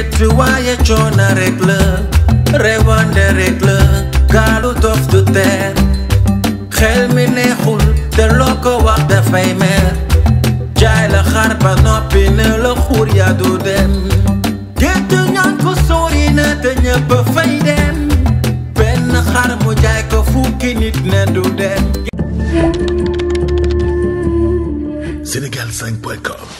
Petruaie ciona reglă Revande reglă Galu tof du ter h e l mi n e h u l te loo ko w a d e f e i mer j a i la h a r p a n o p i ne l o k h u r i a du dem g e t t ñaan ko s o r i na te nye p e f e i dem b e n h a r mu j a i ko f u k i nit ne du dem s e n e g a l 5 c o m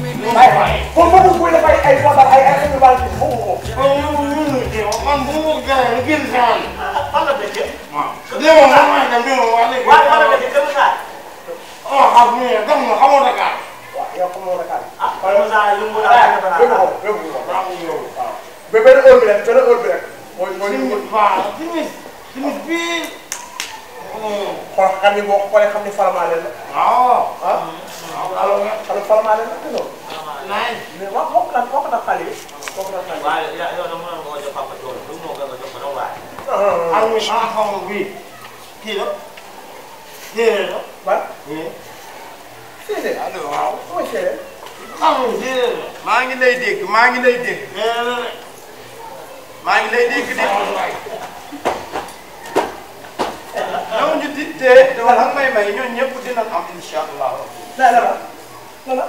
kon ma bëgg kuy def ay ay boobu ay ay xeetu baal bi foofu ko. man man bu ma bëgg gën a gën saa yi. ah fan la dëkk. waaw déggoo man maa ngi dem déggoo wax dëgg. waaw fan la dëkk Kër Massar. ah xam nga gëm nga xamoo Dakar. waaw yow xamoo Dakar. ah Kër Massar yi mu daal di defaraat. dégg nga ko dégg nga ko waaw waaw. ba benn heure bi rek benn heure bi rek. mooy mooy ñu mën waaw timis timis bii. xool xam ni boo xoolee xam ni faramaale la. waaw ah. waaw alors xam ni faramaale la mais wax wax na wax na xale yi. wax na xale yi waaye yow de mënoon nga ko jox papa Thion lu mu mën nga jox ko doon waaye. ah oui ah xaw ma oui. kii la. déedéet la. ban. déedéet. allo waaw. sama séeréer. ah oui déedéet la. maa ngi lay dégg maa ngi lay dégg. maa ngi lay dégg de. ñoo ñu di te wala may may ñun ñëpp dinañ am incha allah. dara dara.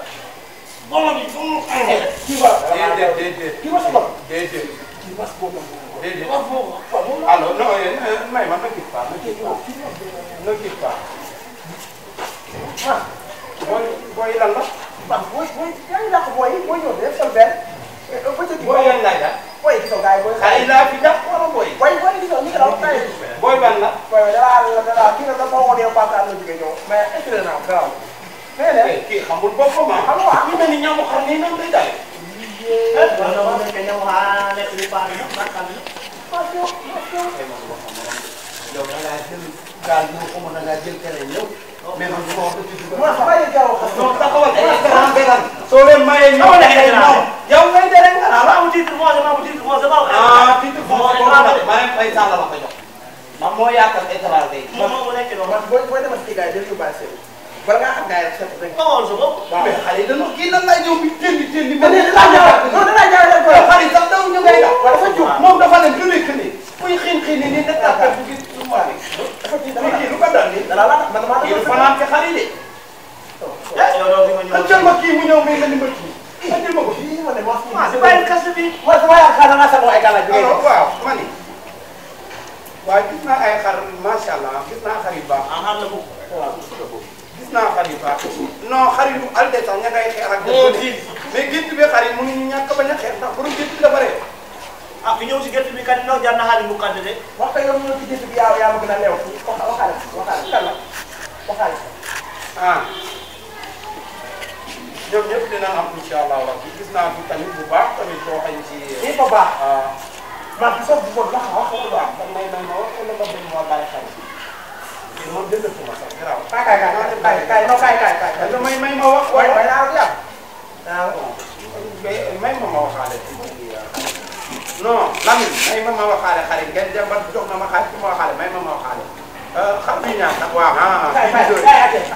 Mami, como é? Que vai? Dede, dede. Que vai chamar? Dede. Que vai chamar? Dede. Alô, não, é, mas não que faz, não que faz. Não que faz. Ah, vai, vai lá lá. Vai, vai, vai, vai lá, vai, vai, vai, vai, vai, vai. Boy yang lain dah. Boy kita gay boy. Kali lah kita orang boy. Boy boy kita ni kalau tay. Boy bang lah. Boy dah lah dah lah kita dah mau dia pakai tu juga jom. Macam itu nak kau. déedéet kii xamul boppam ah xam nga waaw ñu mel ni ñaamu xar nii noonu lay dal. wala mu nekk ne waa nekk lu baax na baax na. waaw yow da ngaa jël gaal ñëw xaw ma da ngaa jël keneen ñëw. mais man du ma wax dëgg yàlla. waaw bàyyi jaww xas. non taxawal ay espérance de lan. soo leen mayee ñëw ay naw. yow ngay dérégler nga naan waaw titre foncier ma bu titre foncier ma. ah titre foncier ma la ma leen fay sànq la ma ko jox. man moo yaakaar éclaté. man booy booy demal ci gars yi jël su bàyyi bala ngaa xam gars yi rek rek. amoon sa bopp. waaw mais xale yi dañoo kii nan laa ñëw bi teel di teel di. ba léegi laa ñëwaat non non laa ñëwaat ko. xale yi sax daw ñu ngay daw. dafa jóg moom dafa ne lu nekk nii. kuy xiin xiin nii nii nekk naa ko bu gis lu mu war a kii kii lu ko dal nii. dara laa tax man maa tax ma naan ci xale yi de. yow loolu li ma ñëw jël ma kii mu ñëw mais nga ni ma kii. ma jël ma ko fii ma ne ma. waaw si bàyyi kase bi. waaw sama yaakaar naa sama ay gàllaaj bi. alors waaw ma ni waaye gis naa ay xar macha allah gis naa xar yu baax. ah xar la ko. waaw naa xarit baax non xarit bu al des sax ña ngay xeex ak. moo di mais gétt bi xarit mënuñu ñàkk bañ a xeex ndax borom gétt bi la bare. ah fi ñëw si gétt bi kan ñoo jar na xarit bu kan de. waxta yow ñëw si gétt bi yaa yaa bëgg na leew. waxa waxaale waxaale kan la ah ñoom ñëpp dina am incha allah rabbi gis naa fi tamit bu baax tamit koo xañ ci. lii fa baax. waaw maa bu bon wax wax wax may may ma wax wala ma bëgg moo bàyyi xarit. moom jënd ko ma sax garaaw. kaay kaay kaay kaay non kaay kaay kaay. may may ma wax. waaye waaye naa la ko yàq. ah bon may ma ma waxaale. non Lamine may ma ma waxaale xale ngeen dem ba jox na ma xaalis ma waxaale may ma ma waxaale. xam nga ñaar nag waaw ah. kaay kaay kaay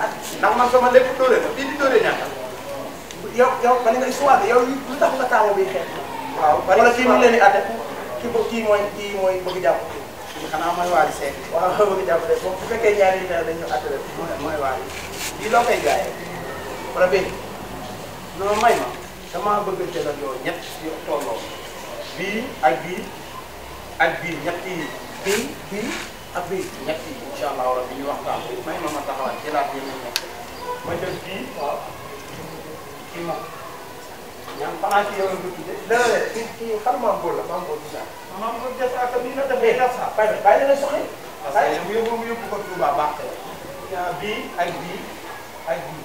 ndax man sama lépp doole la bii di doole ñaar. yow yow man nga histoire yow lu tax nga taamu bi xeex. waaw wala kii mu leen di atte kii kii mooy kii mooy bëgg jàpp. xanaa mooy Wally Seck waaw xaw ma jàppale bu fekkee ñaari nit dañu attelé mooy mooy Wally lii loo koy jaayee wala benn may ma damaa bëggante la yow ñett yu tolloo bii ak bii ñett yi bii bii ak yi ñu waxtaan may ma ma taxawal jëlaat yi ma ñett ma jël bii kii moom xanaa ci yow ko tuddee. dana ne kii kii xam maam góor la maam góor bi sax. maam góor bi sax ni la dafay def sax. bàyyi bàyyi la parce que yóbbu yóbbu ko Touba baax na. ak bii ak bii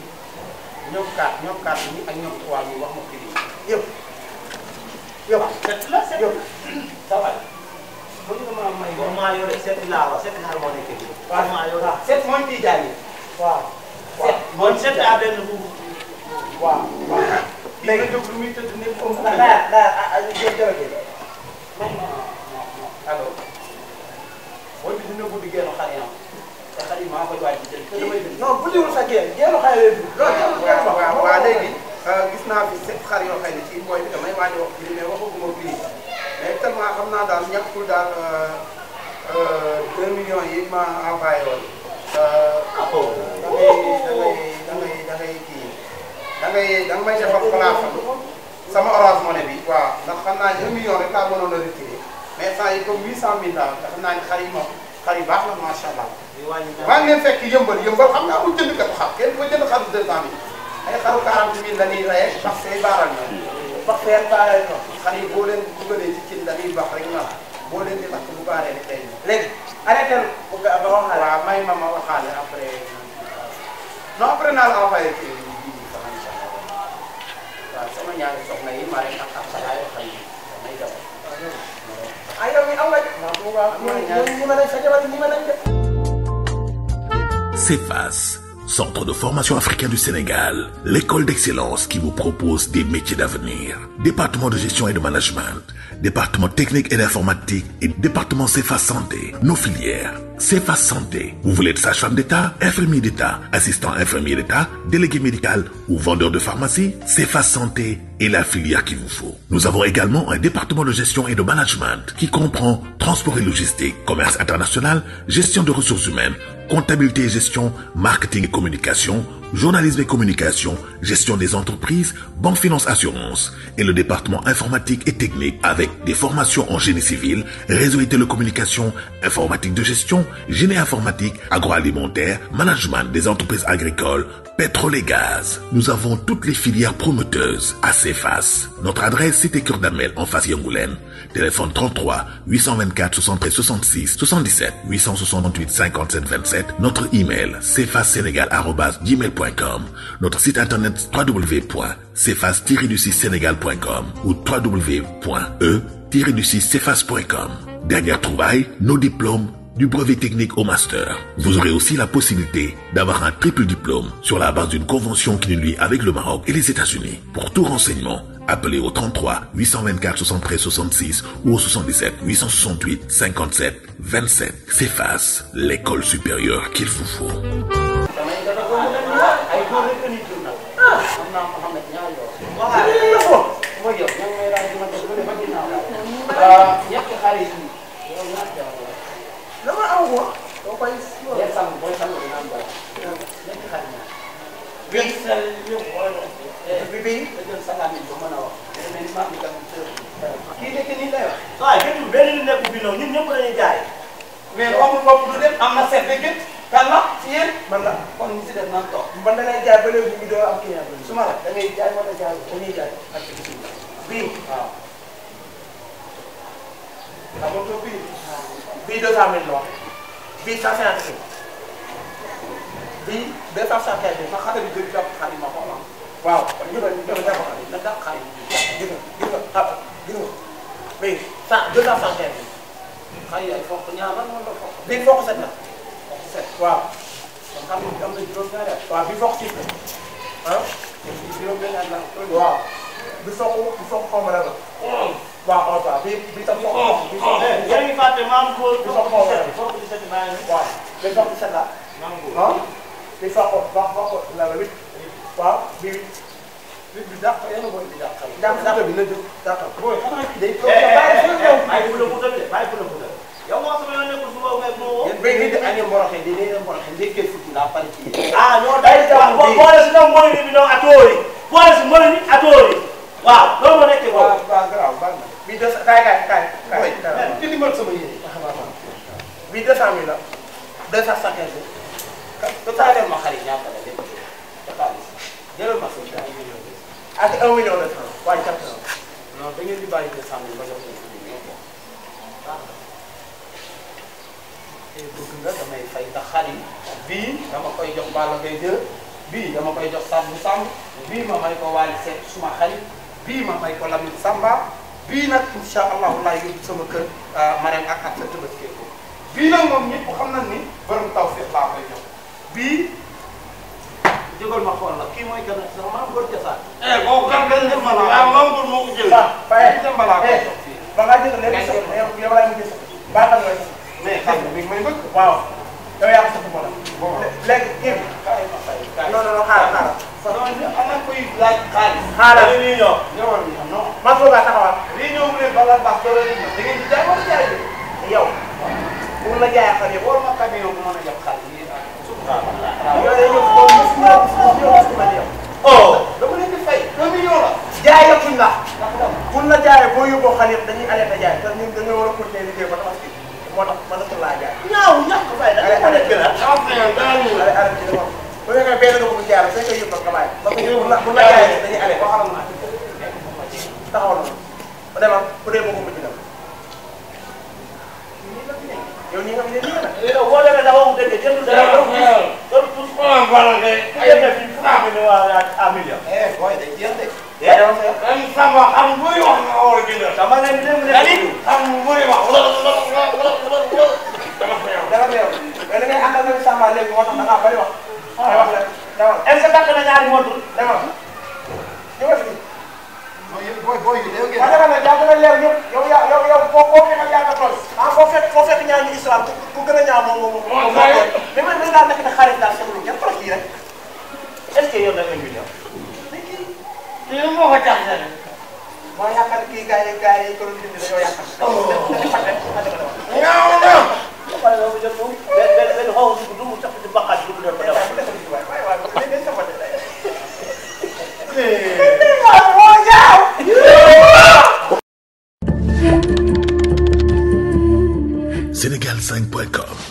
ñoom kaat ñoom kaat ñi ak ñoom trois ñi wax ma kii bi yëpp. set la set yëpp sawal. bu ñu ko a may. waaw set laa waaw set set mooy kii jaay waaw. waaw set mooy set daa benn léegi jóg lu muy tëdd nekk comme. ndax naa naa allo. booy bi dina gudd génn xale yi ah. te xale yi maa koy waaj jël te damay jël. non bu jiwul sa génn génn xale lay dugg. waaw waaw waaw léegi euh, gis naa fi sept xar yoo xëy na ci booy bi damay waaj a wax prix mais waxaguma prix mais tellement xam naa daal ñàkkul daal 2 euh, euh, millions yi ma envoyé woon. Ah, oh. da ngay da nga may defal plafond sama orange money bi waaw ndax xam naa ne 1 million rek laa mënoon a retiré mais saa yi comme 800000 daal te xam naa ne xar yi moom xar yi baax la macha allah. maa ngi leen fekk yëmbal yëmbal xam naa amul jënd kat xar kenn ku jënd xaru 200000 ay xaru 40000 la ñuy rey ak say baaral na ba feer baaree ko xar yi boo leen dugalee ci cin dañuy baax rek na la boo leen di lakk bu baaree rek day ñëw léegi arrêté ba waxaale waaw may ma ma waxaale après non après naa la envoyé kii sama ñaari soxna yi ci. waaw ma Centre de formation africain du Sénégal, l'école d'excellence qui vous propose des métiers d'avenir. Département de gestion et de management, département technique et d'informatique et département CFA Santé. Nos filières, CFA Santé. Vous voulez être sage-femme d'État, infirmier d'État, assistant infirmier d'État, délégué médical ou vendeur de pharmacie CFA Santé est la filière qu'il vous faut. Nous avons également un département de gestion et de management qui comprend transport et logistique, commerce international, gestion de ressources humaines, comptabilité et gestion, marketing et communication journalisme et communication, gestion des entreprises, banque finance assurance et le département informatique et technique avec des formations en génie civil, réseau et télécommunication, informatique de gestion, génie informatique, agroalimentaire, management des entreprises agricoles, pétrole et gaz. Nous avons toutes les filières promoteuses à CEFAS. Notre adresse, c'était Kurdamel en face Yangoulen. Téléphone 33 824 73 66 77 868 57 27. Notre email, cfassénégal.com notre site internet www.cefas-sénégal.com ou www.e-cefas.com. Dernière trouvaille, nos diplômes du brevet technique au master. Vous aurez aussi la possibilité d'avoir un triple diplôme sur la base d'une convention qui nous lie avec le Maroc et les États-Unis. Pour tout renseignement, appelez au 33 824 73 66 ou au 77 868 57 27. C'est l'école supérieure qu'il vous faut. bi bii. kii nekk nii lay wax. a gerte bi benn nit nekkul bi noonu ñun ñëpp dañuy jaay. mais amul bopp du dem am na seet bi gën. kan la ci yéen man la kon ñu si def man da ngay jaay ba léegi bi doo am kii yaa bëri. su ma la da ngay jaay wala jaay dañuy jaay. ak bii waaw. amoon bii. bii deux cent mille la wax. bii cent cinquante mille. bii deux cent cinquante mille. ndax bi jël jàpp xaalis ma ko waaw gis nga gis nga xaalis ndax daa xaalis gis nga gis nga xaalis gis nga mais cent deux cent cent quinze xëy na fokk ñaar lan moo la fokk bii fokk set la fokk set waaw kon xam nga am na juróom-ñaari at waaw bii fokk six la ah juróom-benn at la waaw bi fokk bi fokk xaw ma la la waaw xaw ma bii bii tam fokk bi fokk yaa ngi fàtte maam góor bi fokk xaw ma la fokk di set bàyyi waaw bii fokk set la maam góor ah bii fokk fokk fokk la la huit waaw bii bi bi dàq yéen a boole bi dàqal. dàq dàq bi na jóg dàqal. booy xanaa day toog bàyyi eh, eh, bu la mutal de bàyyi bu la mutal. yow moo sama yoon nekkul suba ngay moo. yéen béykat yi dañuy mboroxe di ah, day dem mboroxe ndékkee fukki laa pare ci yéen. ah ñoo day jaww boo boole si ñoom mooy ni bi ñoom atoori. boole si mooy ni atoori. waaw loolu moo nekk ci boobu. waaw waaw garaaw baax na. bii des kaay kaay kaay. kaay kaay li eh, ma sama yéene. bii deux cent mille la deux cent cinquante ak un million de francs waaye quatre ans non da ngeen di bàyyi deux cent mille ba nga damay fay ndax xarit bii dama koy jox Balla Gaye 2 bii dama koy jox Sadou Samb bii ma may ko Waly Seck suma xarit bii ma may ko Lamine Samba bii nag incha allahu laa yóbbu sama kër ah, Marème ak ak sa tëbët bii nag moom ñëpp xam nañ ni borom tawfeex laa koy jox bii. jógal ma xool la kii mooy kan sax maa ngi góor ca sax. boo ko ma la waaw maa ngi góor moo ko jëlee. Faye Faye ba ngaa jël léegi sax yow laa mujjee sax baax na looy sax. mi ngi may bëgg. waaw yow yaa ko sax moo la. bon léegi kii bi. non non xaaral xaaral. non man soo gaa taxawaat. lii ñëw mu ne da ngeen di jaay wala jaay bi. yow. bu la a xale yëpp dañuy arrêté jaay te ñun dañoo war a continuer liggéey ba tabaski moo tax ma dëkk laa jaay. ñaaw ñàkk fay da ko nekk la. am na yow dara ñu ne arrêté ci dafa am. bu fekkee benn nga bëgg jaar fekk yëpp nga bàyyi. parce que bu la bu la jaayee dañuy arrêté waxal na taxawal na bu demoon bu dee bëgg mujj na yow ñi nga xam ne nii nag. léegi nag boo demee dafa am dëgg jënd dara. waaw waaw loolu tuuti. waaw waaw kay. ay ay ay ay ay ay ay ay ay ay ay ay yaa eh, dama fay wax. man Samba xam bu bëri wax nga war a gëndal. Samba ne bi dem na déglu. xam bu bëri wax wala wala wala wala wala. dama fay wax dama fay wax. mais da ngay àndal ak Samba léegi moo tax da ngaa bëri wax. waaw ah. wax la dama. est-ce que tàkk na ñaari motul. dama ñëwal fii. mooy yëpp booy booy yi day génn. waaw dama ne jàng na leer ñëpp. yow yaa yow yow boo boo fexe yaa nga toll. ah boo fekk boo fekk ñaar ñu islam ku gën a ñaaw moom moom. moom mooy mais man mii daal nekk na xarit daal soxla ñëpp rek est-ce que yow da nga ñu ñëw kii moo ko jaxase moo yaakaar kii gars yi gars yi kër yi dañoo yaakaar. ñaaw na. waaye loolu yëpp moom benn benn benn xaw ma dugg mu tax ci baqaat dugg na ko def. Sénégal5.com